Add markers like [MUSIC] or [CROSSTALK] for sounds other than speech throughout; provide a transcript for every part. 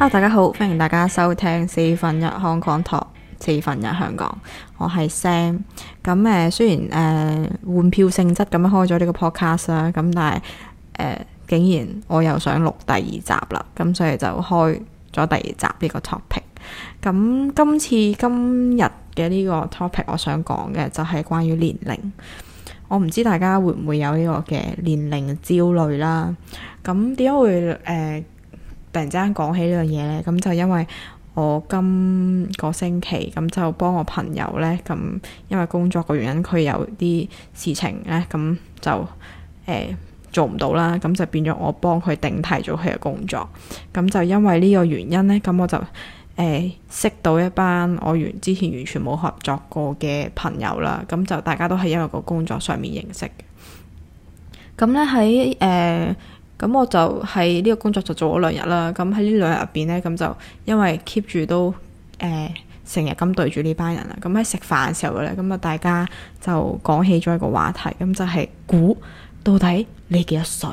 啊，Hello, 大家好，歡迎大家收聽四分一香港 Talk，四分一香港，我係 Sam。咁誒，雖然誒換、呃、票性質咁樣開咗呢個 podcast 啦，咁但係誒，竟然我又想錄第二集啦，咁所以就開咗第二集呢個 topic。咁今次今日嘅呢個 topic，我想講嘅就係關於年齡。我唔知大家會唔會有個呢個嘅年齡焦慮啦。咁點解會誒？呃突然之間講起呢樣嘢咧，咁就因為我今個星期咁就幫我朋友咧，咁因為工作嘅原因，佢有啲事情咧，咁就誒、欸、做唔到啦，咁就變咗我幫佢頂替咗佢嘅工作。咁就因為呢個原因咧，咁我就誒、欸、識到一班我完之前完全冇合作過嘅朋友啦。咁就大家都係因為個工作上面認識嘅。咁咧喺誒。咁我就喺呢個工作就做咗兩日啦。咁喺呢兩日入邊呢，咁就因為 keep 住都誒成日咁對住呢班人啦。咁喺食飯嘅時候咧，咁啊大家就講起咗一個話題，咁就係估到底你幾多歲。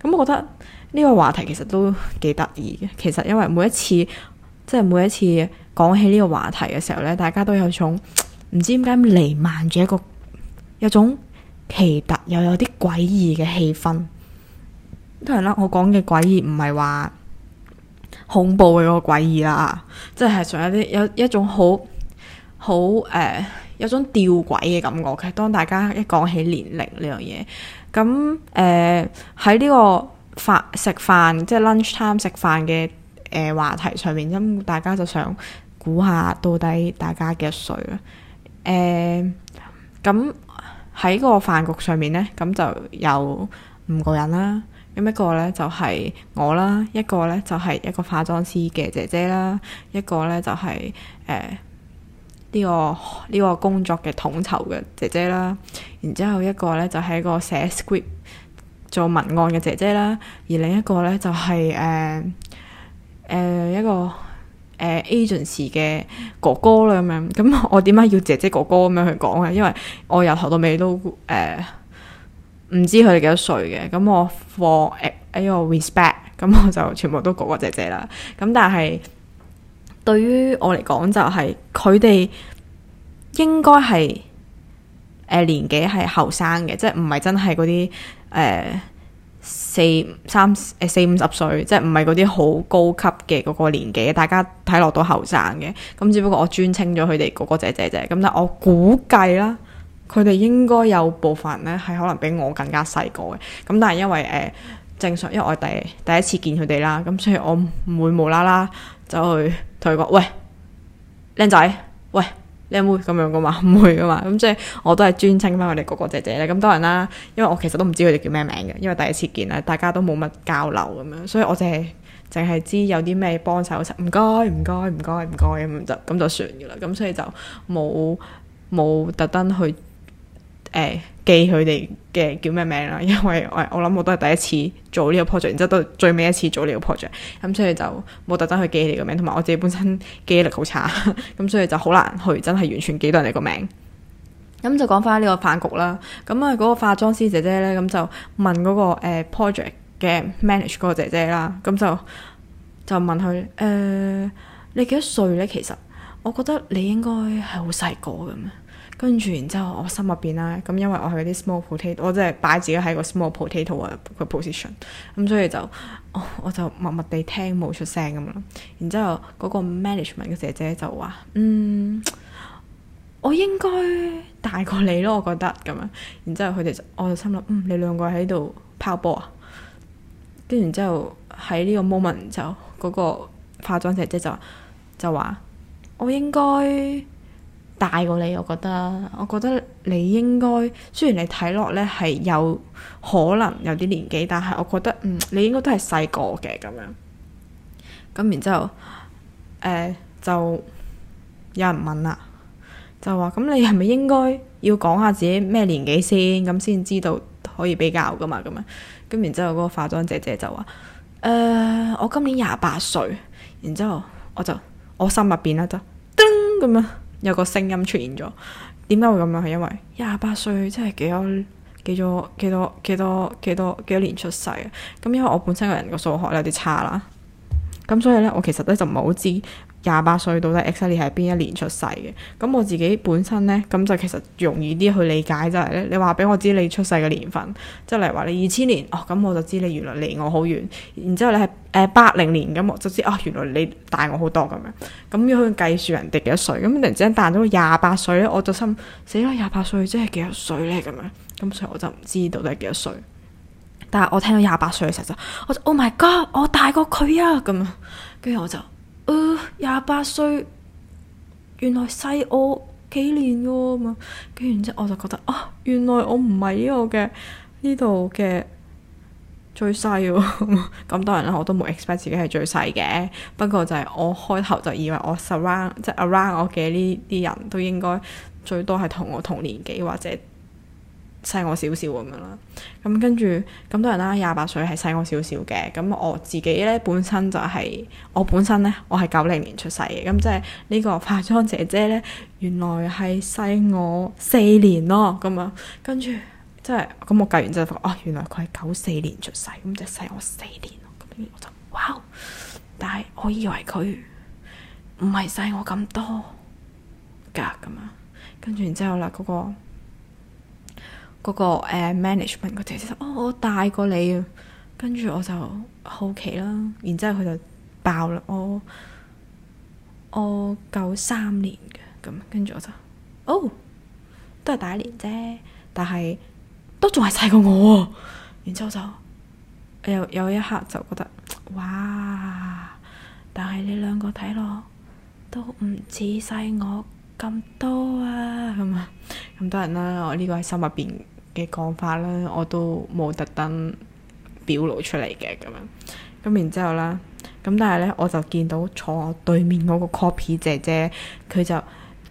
咁我覺得呢個話題其實都幾得意嘅。其實因為每一次即係每一次講起呢個話題嘅時候呢，大家都有一種唔知點解彌漫住一個有種奇特又有啲詭異嘅氣氛。係啦，我講嘅詭異唔係話恐怖嘅嗰個詭異啦，即係仲有啲有一種好好誒，有種吊詭嘅感覺嘅。當大家一講起年齡呢樣嘢，咁誒喺呢個飯食飯即係 lunch time 食飯嘅誒話題上面，咁大家就想估下到底大家幾多歲啦？誒、呃，咁喺個飯局上面呢，咁就有五個人啦。咁一個咧，就係我啦，一個咧，就係一個化妝師嘅姐姐啦，一個咧，就係誒呢個呢個工作嘅統籌嘅姐姐啦，然之後一個咧，就係一個寫 script 做文案嘅姐姐啦，而另一個咧，就係誒誒一個誒、呃、agency 嘅哥哥啦咁樣。咁我點解要姐姐哥哥咁樣去講咧？因為我由頭到尾都誒。呃唔知佢哋幾多歲嘅，咁我 for 誒，哎呦 respect，咁我就全部都哥哥姐姐啦。咁但係對於我嚟講，就是，就係佢哋應該係誒年紀係後生嘅，即係唔係真係嗰啲誒四三誒、呃、四五十歲，即係唔係嗰啲好高級嘅嗰個年紀，大家睇落都後生嘅。咁只不過我尊稱咗佢哋哥哥姐姐啫。咁但係我估計啦。佢哋應該有部分咧係可能比我更加細個嘅，咁但係因為誒、呃、正常，因為我第第一次見佢哋啦，咁所以我唔會無啦啦走去同佢講，喂，靚仔，喂，靚妹咁樣噶嘛，唔會噶嘛，咁即係我都係尊稱翻佢哋哥哥姐姐咧。咁當然啦，因為我其實都唔知佢哋叫咩名嘅，因為第一次見啦，大家都冇乜交流咁樣，所以我淨係淨係知有啲咩幫手，唔該唔該唔該唔該咁就咁就算噶啦，咁所以就冇冇特登去。誒、哎，記佢哋嘅叫咩名啦？因為我我諗我都係第一次做呢個 project，然之後都最尾一次做呢個 project，咁所以就冇特登去記你個名，同埋我自己本身記憶力好差，咁 [LAUGHS] 所以就好難去真係完全記到你個名。咁就講翻呢個飯局啦。咁啊，嗰個化妝師姐姐呢，咁就問嗰、那個誒、呃、project 嘅 manage 嗰個姐姐啦，咁就就問佢誒、呃，你幾多歲呢？其實我覺得你應該係好細個嘅咩？跟住，然之後我心入邊啦。咁因為我係啲 small potato，我即係擺自己喺個 small potato 嘅 position，咁所以就我我就默默地聽冇出聲咁啦。然之後嗰個 management 嘅姐姐就話：嗯，我應該大過你咯，我覺得咁樣。然之後佢哋就，我就心諗：嗯，你兩個喺度拋波啊？跟住然之後喺呢個 moment 就嗰個化妝姐姐就就話：我應該。大過你，我覺得，我覺得你應該，雖然你睇落嚟係有可能有啲年紀，但係我覺得，嗯，你應該都係細個嘅咁樣。咁然之後，誒、呃、就有人問啦，就話咁你係咪應該要講下自己咩年紀先，咁先知道可以比較㗎嘛？咁啊，咁然之後嗰個化妝姐姐就話：誒、呃、我今年廿八歲。然之後我就我心入邊啦，就噔咁樣。有個聲音出現咗，點解會咁樣？係因為廿八歲即係幾，幾多幾多幾多幾多幾多幾多年出世啊？咁因為我本身個人個數學有啲差啦，咁所以咧我其實咧就唔係好知。廿八歲到底 exactly 係邊一年出世嘅？咁我自己本身呢，咁就其實容易啲去理解就係咧。你話俾我知你出世嘅年份，即係例如話你二千年，哦咁我就知你原來離我好遠。然之後你係誒八零年咁，我就知哦原來你大我好多咁樣。咁要去計算人哋幾多歲，咁突然之間大咗個廿八歲咧，我就心死啦！廿八歲即係幾多歲咧？咁樣咁所以我就唔知到底係幾多歲。但係我聽到廿八歲嘅時候就，我就 oh my god，我大過佢啊咁樣。跟住我就。呃，廿八歲，原來細我幾年㗎，啊、嘛，跟住然之後我就覺得啊，原來我唔係呢個嘅呢度嘅最細喎，啊，咁 [LAUGHS] 多人啦，我都冇 expect 自己係最細嘅，不過就係我開頭就以為我 surround 即係 around 我嘅呢啲人都應該最多係同我同年紀或者。細我少少咁樣啦，咁、嗯、跟住咁多人啦，廿八歲係細我少少嘅，咁、嗯、我自己咧本身就係、是、我本身咧，我係九零年出世嘅，咁、嗯、即係呢個化妝姐姐咧，原來係細我四年咯，咁、嗯、樣跟住即係我計完之後發覺，哦原來佢係九四年出世，咁即係細我四年咯，咁、嗯、我就哇，但係我以為佢唔係細我咁多格咁嘛，跟住然之後啦嗰、那個。嗰、那個誒 management 佢哋，其實我我大過你啊。跟住我就好奇啦，然之後佢就爆啦，我我九三年嘅，咁跟住我就哦，都係第一年啫，嗯、但係都仲係細過我哦。然之後就又有，有一刻就覺得，哇！但係你兩個睇落都唔似細我咁多啊，咁啊，咁多人啦，我呢個喺心入邊嘅講法咧，我都冇特登表露出嚟嘅咁樣，咁然之後咧，咁但係咧，我就見到坐我對面嗰個 copy 姐姐，佢就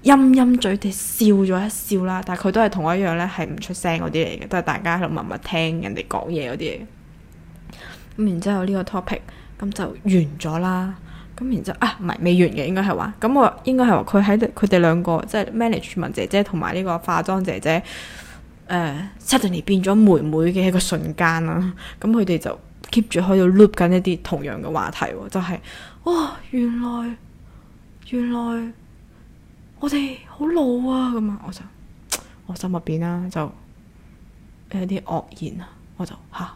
陰陰嘴地笑咗一笑啦。但係佢都係同我一樣咧，係唔出聲嗰啲嚟嘅，都係大家喺度默默聽人哋講嘢嗰啲嘢。咁然之後呢個 topic 咁就完咗啦。咁然之後啊，唔係未完嘅應該係話，咁我應該係話佢喺佢哋兩個，即係 management 姐姐同埋呢個化妝姐姐。誒、uh,，Suddenly 變咗妹妹嘅一個瞬間啦、啊。咁佢哋就 keep 住喺度 loop 緊一啲同樣嘅話題、啊，就係、是、哇、哦，原來原來我哋好老啊。咁啊，我就我心入邊啦，就有啲愕然啊。我就吓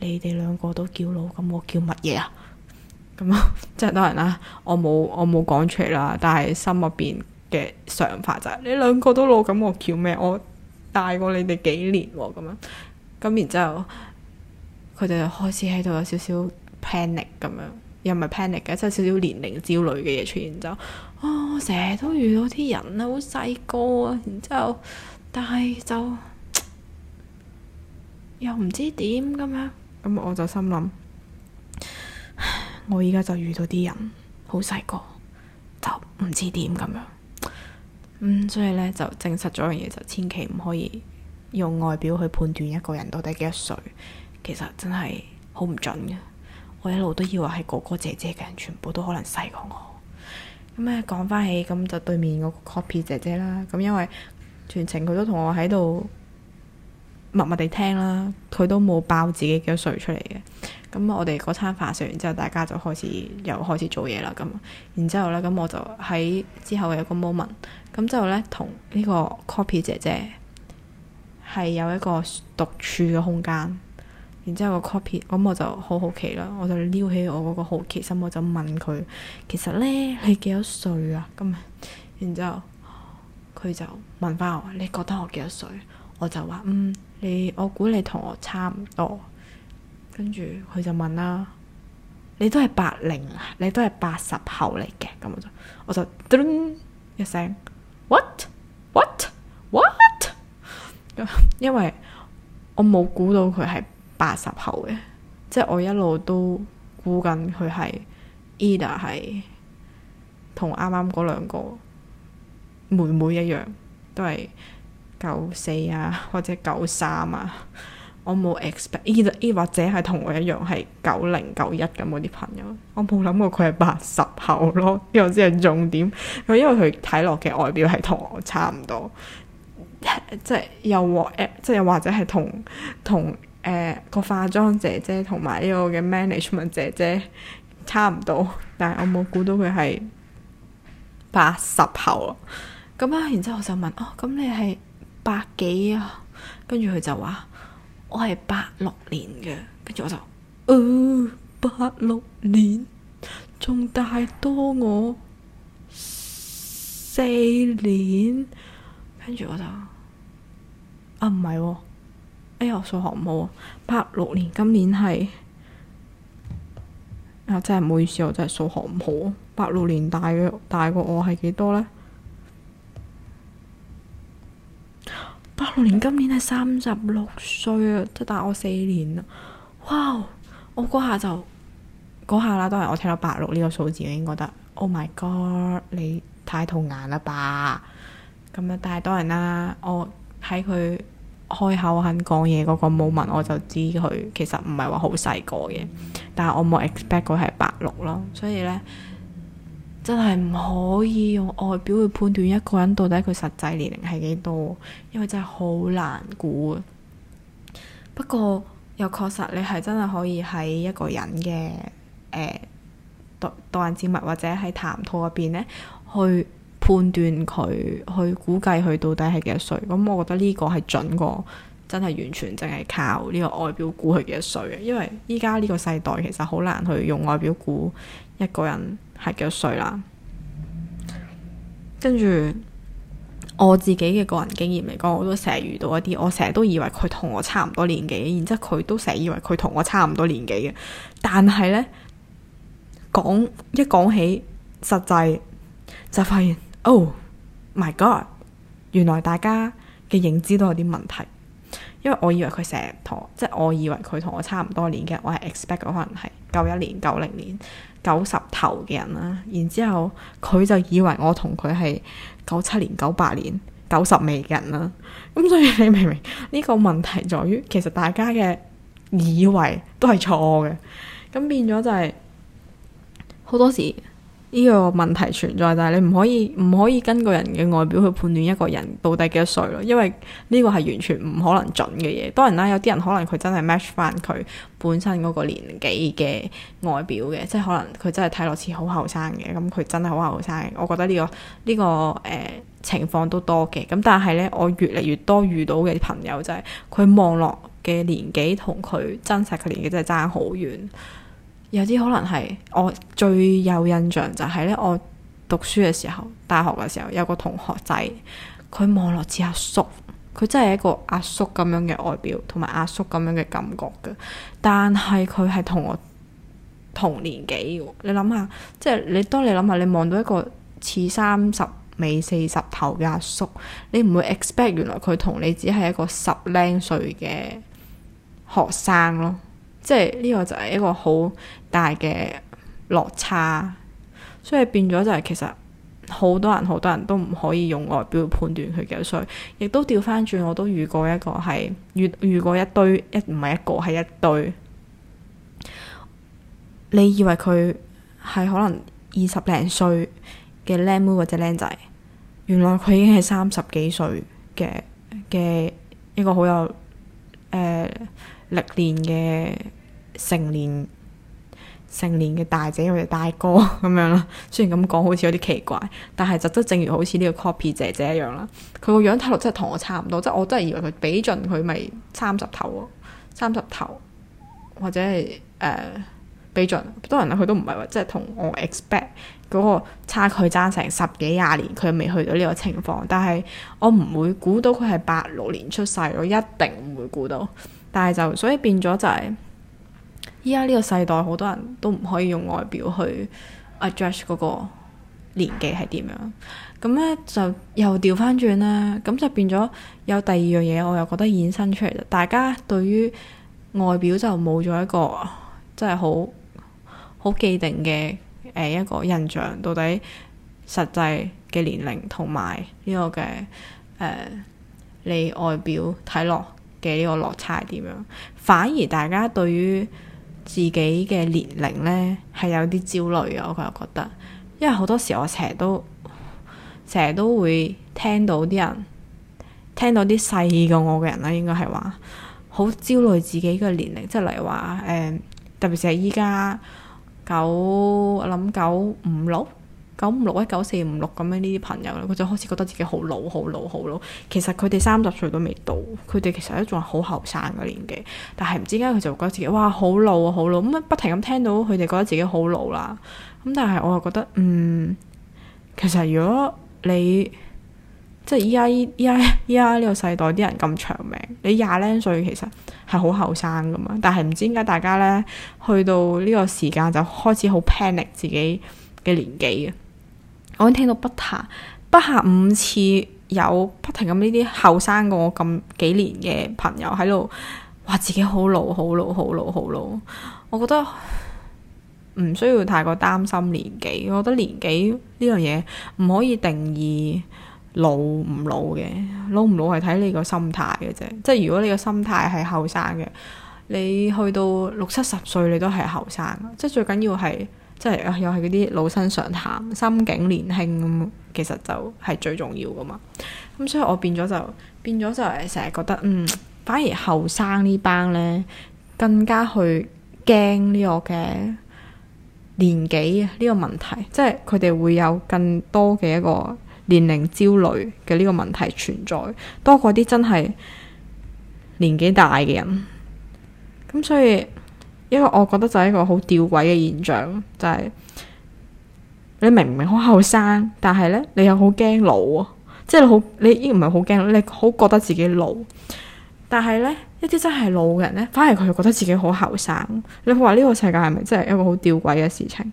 你哋兩個都叫老，咁我叫乜嘢啊？咁啊，即係當然啦，我冇我冇講出嚟啦。但係心入邊嘅想法就係、是、你兩個都老，咁我叫咩？我。大過你哋幾年咁樣，咁然之後佢哋開始喺度有少少 panic 咁樣，又唔係 panic 嘅，即係少少年齡焦慮嘅嘢出現就，啊，我成日都遇到啲人啊，好細個啊，然之後但係就又唔知點咁樣，咁我就心諗，我而家就遇到啲人好細個，就唔知點咁樣。嗯，所以咧就證實咗樣嘢，就千祈唔可以用外表去判斷一個人到底幾多歲，其實真係好唔準嘅。我一路都以為係哥哥姐姐嘅人，全部都可能細過我。咁咧講翻起，咁就對面個 copy 姐姐啦。咁因為全程佢都同我喺度默默地聽啦，佢都冇爆自己幾多歲出嚟嘅。咁我哋嗰餐飯食完之後，大家就開始又開始做嘢啦。咁，然之後呢，咁我就喺之後有個 moment，咁之後呢，同呢個 copy 姐姐係有一個獨處嘅空間。然之後個 copy，咁我就好好奇啦，我就撩起我嗰個好奇心，我就問佢：其實呢，你幾多歲啊？咁，然之後佢就問翻我：你覺得我幾多歲？我就話：嗯，你我估你同我差唔多。跟住佢就問啦：你都係八零，你都係八十後嚟嘅。咁我就我就噔噔一聲：What？What？What？What? What? What? [LAUGHS] 因為我冇估到佢係八十後嘅，即係我一路都估緊佢係 either 係同啱啱嗰兩個妹妹一樣，都係九四啊，或者九三啊。我冇 expect，亦或者係同我一樣係九零九一咁嗰啲朋友，我冇諗過佢係八十後咯，呢個先係重點。佢因為佢睇落嘅外表係同我差唔多，即係又或即係又或者係同同誒個化妝姐姐同埋呢個嘅 management 姐姐差唔多，但係我冇估到佢係八十後咯。咁 [LAUGHS] 啊，然之後我就問哦，咁你係百幾啊？跟住佢就話。我係八六年嘅，跟住我就，哦，八六年，仲大多我四年，跟住我就，啊唔係喎，哎呀數學唔好喎，八六年今年係，啊真係唔好意思，我真係數學唔好，八六年大嘅大過我係幾多咧？八六年今年係三十六歲啊，即大我四年啦。哇，我嗰下就嗰下啦，都係我聽到八六呢個數字，已經覺得 Oh my God，你太童顏啦吧？咁樣，但係當然啦，我喺佢開口肯講嘢嗰個 moment，我就知佢其實唔係話好細個嘅，但係我冇 expect 佢係八六咯，所以呢。真係唔可以用外表去判斷一個人到底佢實際年齡係幾多，因為真係好難估。不過又確實你係真係可以喺一個人嘅誒，待、呃、待人接物或者喺談吐入邊呢，去判斷佢去估計佢到底係幾多歲。咁、嗯、我覺得呢個係準過真係完全淨係靠呢個外表估佢幾多歲嘅，因為依家呢個世代其實好難去用外表估一個人係幾多歲啦。跟住我自己嘅個人經驗嚟講，我都成日遇到一啲我成日都以為佢同我差唔多年紀，然之後佢都成日以為佢同我差唔多年紀嘅。但係呢，講一講起實際就發現，Oh my God，原來大家嘅認知都有啲問題。因為我以為佢成日同，即係我以為佢同我差唔多年嘅，我係 expect 可能係九一年、九零年、九十頭嘅人啦。然之後佢就以為我同佢係九七年、九八年、九十尾嘅人啦。咁所以你明唔明呢個問題在於，其實大家嘅以為都係錯嘅。咁變咗就係、是、好多時。呢個問題存在，但係你唔可以唔可以根據人嘅外表去判斷一個人到底幾多歲咯，因為呢個係完全唔可能準嘅嘢。當然啦，有啲人可能佢真係 match 翻佢本身嗰個年紀嘅外表嘅，即係可能佢真係睇落似好後生嘅，咁佢真係好後生。我覺得呢個呢個誒、呃、情況都多嘅。咁但係呢，我越嚟越多遇到嘅朋友就係佢望落嘅年紀同佢真實嘅年紀真係爭好遠。有啲可能係我最有印象就係咧，我讀書嘅時候，大學嘅時候有個同學仔，佢望落似阿叔，佢真係一個阿叔咁樣嘅外表，同埋阿叔咁樣嘅感覺嘅。但係佢係同我同年紀，你諗下，即係你當你諗下，你望到一個似三十尾四十頭嘅阿叔，你唔會 expect 原來佢同你只係一個十零歲嘅學生咯。即係呢個就係一個好大嘅落差，所以變咗就係其實好多人好多人都唔可以用外表判斷佢幾多歲，亦都調翻轉，我都遇過一個係遇遇過一堆一唔係一個係一堆，你以為佢係可能二十零歲嘅靚妹或者靚仔，原來佢已經係三十幾歲嘅嘅一個好有誒。呃歷年嘅成年成年嘅大姐或者大哥咁樣啦，雖然咁講好似有啲奇怪，但係就真正如好似呢個 copy 姐姐一樣啦。佢個樣睇落真係同我差唔多，即係我真係以為佢比盡佢咪三十頭，三十頭或者係誒、呃、比盡多人啦、啊。佢都唔係話即係同我 expect 嗰個差距爭成十幾廿年，佢未去到呢個情況。但係我唔會估到佢係八六年出世，我一定唔會估到。但係就，所以變咗就係依家呢個世代好多人都唔可以用外表去 address 嗰個年紀係點樣，咁咧，就又調翻轉啦，咁就變咗有第二樣嘢我又覺得衍生出嚟，大家對於外表就冇咗一個即係好好既定嘅、誒一個印象，到底實際嘅年齡同埋呢個嘅誒、呃、你外表睇落。嘅呢個落差係點樣？反而大家對於自己嘅年齡呢，係有啲焦慮啊！我佢又覺得，因為好多時我成日都成日都會聽到啲人聽到啲細過我嘅人咧，應該係話好焦慮自己嘅年齡，即係例如話誒、呃，特別是係依家九，我諗九五六。九,六九五六一九四五六咁樣呢啲朋友咧，佢就開始覺得自己好老好老好老。其實佢哋三十歲都未到，佢哋其實都仲係好後生嘅年紀。但係唔知點解佢就覺得自己哇好老好老咁啊、嗯！不停咁聽到佢哋覺得自己好老啦。咁、嗯、但係我又覺得嗯，其實如果你即係依家依家依家呢個世代啲人咁長命，你廿零歲其實係好後生噶嘛。但係唔知點解大家咧去到呢個時間就開始好 panic 自己嘅年紀啊！我已經聽到不下，不下五次有不停咁呢啲後生過我咁幾年嘅朋友喺度，話自己好老好老好老好老，我覺得唔需要太過擔心年紀。我覺得年紀呢樣嘢唔可以定義老唔老嘅，老唔老係睇你個心態嘅啫。即係如果你個心態係後生嘅，你去到六七十歲你都係後生。即係最緊要係。即係又係嗰啲老生常談，心境年輕咁，其實就係最重要噶嘛。咁所以我變咗就變咗就成日覺得，嗯，反而後生呢班呢更加去驚呢個嘅年紀呢個問題，即係佢哋會有更多嘅一個年齡焦慮嘅呢個問題存在，多過啲真係年紀大嘅人。咁所以。因為我覺得就係一個好吊詭嘅現象，就係、是、你明唔明好後生，但係呢，你又好驚老啊，即係你好你已經唔係好驚，你好覺得自己老，但係呢，一啲真係老嘅人呢，反而佢覺得自己好後生。你會話呢個世界係咪真係一個好吊詭嘅事情？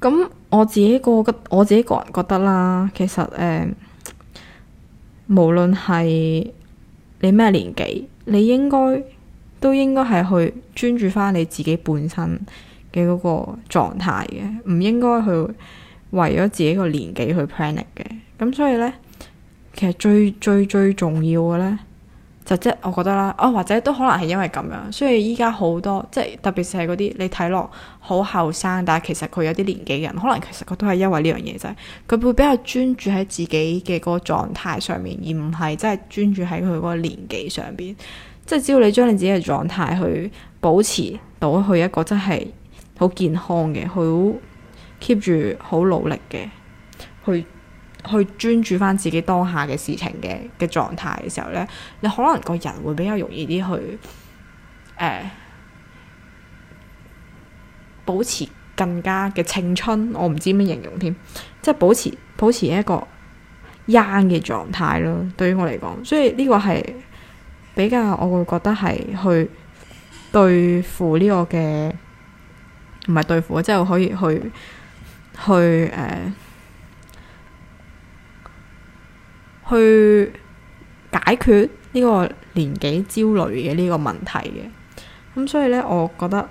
咁我自己個個我自己個人覺得啦，其實誒、呃，無論係你咩年紀，你應該。都應該係去專注翻你自己本身嘅嗰個狀態嘅，唔應該去為咗自己個年紀去 plan it 嘅。咁所以呢，其實最最最重要嘅呢，就即係我覺得啦，啊、哦、或者都可能係因為咁樣，所以依家好多即係特別是係嗰啲你睇落好後生，但係其實佢有啲年紀嘅人，可能其實佢都係因為呢樣嘢，就係佢會比較專注喺自己嘅嗰個狀態上面，而唔係真係專注喺佢嗰個年紀上邊。即係只要你將你自己嘅狀態去保持到去一個真係好健康嘅，好 keep 住好努力嘅，去去專注翻自己當下嘅事情嘅嘅狀態嘅時候呢，你可能個人會比較容易啲去誒、呃、保持更加嘅青春，我唔知咩形容添，即係保持保持一個 young 嘅狀態咯。對於我嚟講，所以呢個係。比較我會覺得係去對付呢個嘅，唔係對付，即係可以去去誒，去解決呢個年紀焦慮嘅呢個問題嘅。咁所以呢，我覺得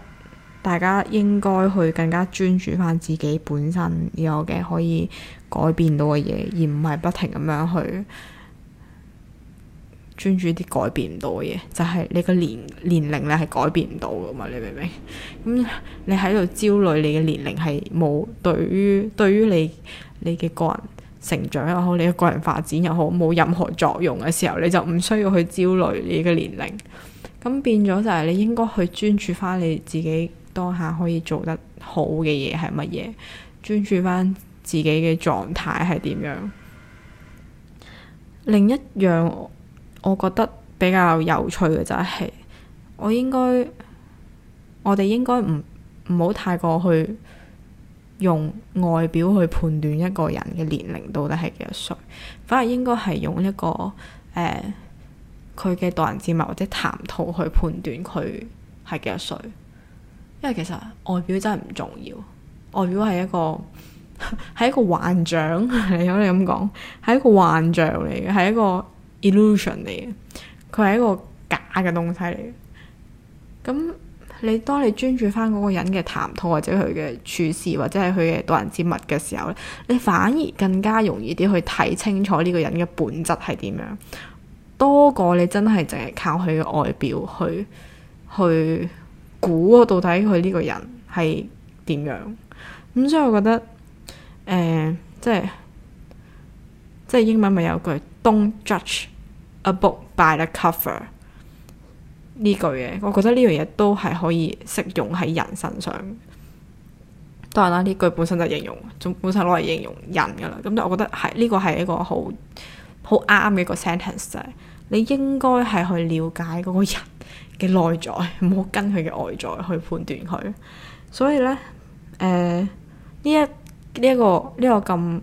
大家應該去更加專注翻自己本身有嘅可以改變到嘅嘢，而唔係不停咁樣去。專注啲改變唔到嘅嘢，就係你個年年齡咧係改變唔到噶嘛。你明唔明？咁你喺度焦慮你嘅年齡係冇，對於對於你你嘅個人成長又好，你嘅個人發展又好，冇任何作用嘅時候，你就唔需要去焦慮你嘅年齡。咁變咗就係你應該去專注翻你自己當下可以做得好嘅嘢係乜嘢，專注翻自己嘅狀態係點樣。另一樣。我覺得比較有趣嘅就係，我應該我哋應該唔唔好太過去用外表去判斷一個人嘅年齡到底係幾多歲？反而應該係用一個誒佢嘅待人接物或者談吐去判斷佢係幾多歲，因為其實外表真係唔重要，外表係一個係一個幻象。 [LAUGHS] 你可以咁講，係一個幻象嚟嘅，係一個。illusion 嚟嘅，佢係一個假嘅東西嚟嘅。咁你當你專注翻嗰個人嘅談吐，或者佢嘅處事，或者係佢嘅待人接物嘅時候咧，你反而更加容易啲去睇清楚呢個人嘅本質係點樣，多過你真係淨係靠佢嘅外表去去估啊，到底佢呢個人係點樣。咁所以我覺得，誒、呃，即係即係英文咪有句。Don't judge a book by the cover 呢句嘢，我覺得呢樣嘢都係可以適用喺人身上。當然啦，呢句本身就形容，總本身攞嚟形容人噶啦。咁就我覺得係呢、呢個係一個好好啱嘅一個 sentence。就係你應該係去了解嗰個人嘅內在，唔好跟佢嘅外在去判斷佢。所以咧，誒、呃，呢一呢一個呢、呢個咁。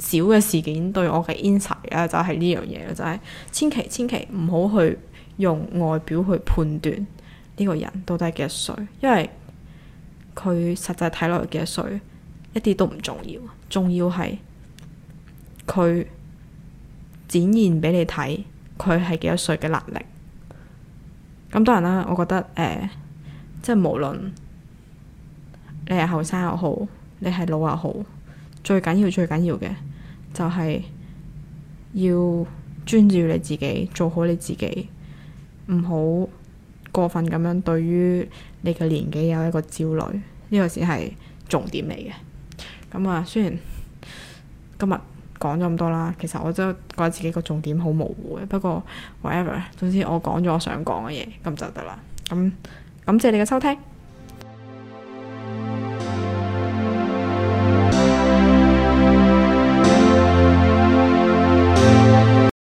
少嘅事件對我嘅 insight 啊，就係呢樣嘢就係千祈千祈唔好去用外表去判斷呢個人到底幾多歲，因為佢實際睇落去幾多歲一啲都唔重要，重要係佢展現俾你睇佢係幾多歲嘅能力。咁當然啦，我覺得誒、呃，即係無論你係後生又好，你係老又好，最緊要最緊要嘅。就係要專注你自己，做好你自己，唔好過分咁樣對於你嘅年紀有一個焦慮，呢個先係重點嚟嘅。咁、嗯、啊，雖然今日講咗咁多啦，其實我真係覺得自己個重點好模糊嘅。不過 whatever，總之我講咗我想講嘅嘢，咁就得啦。咁感謝你嘅收聽。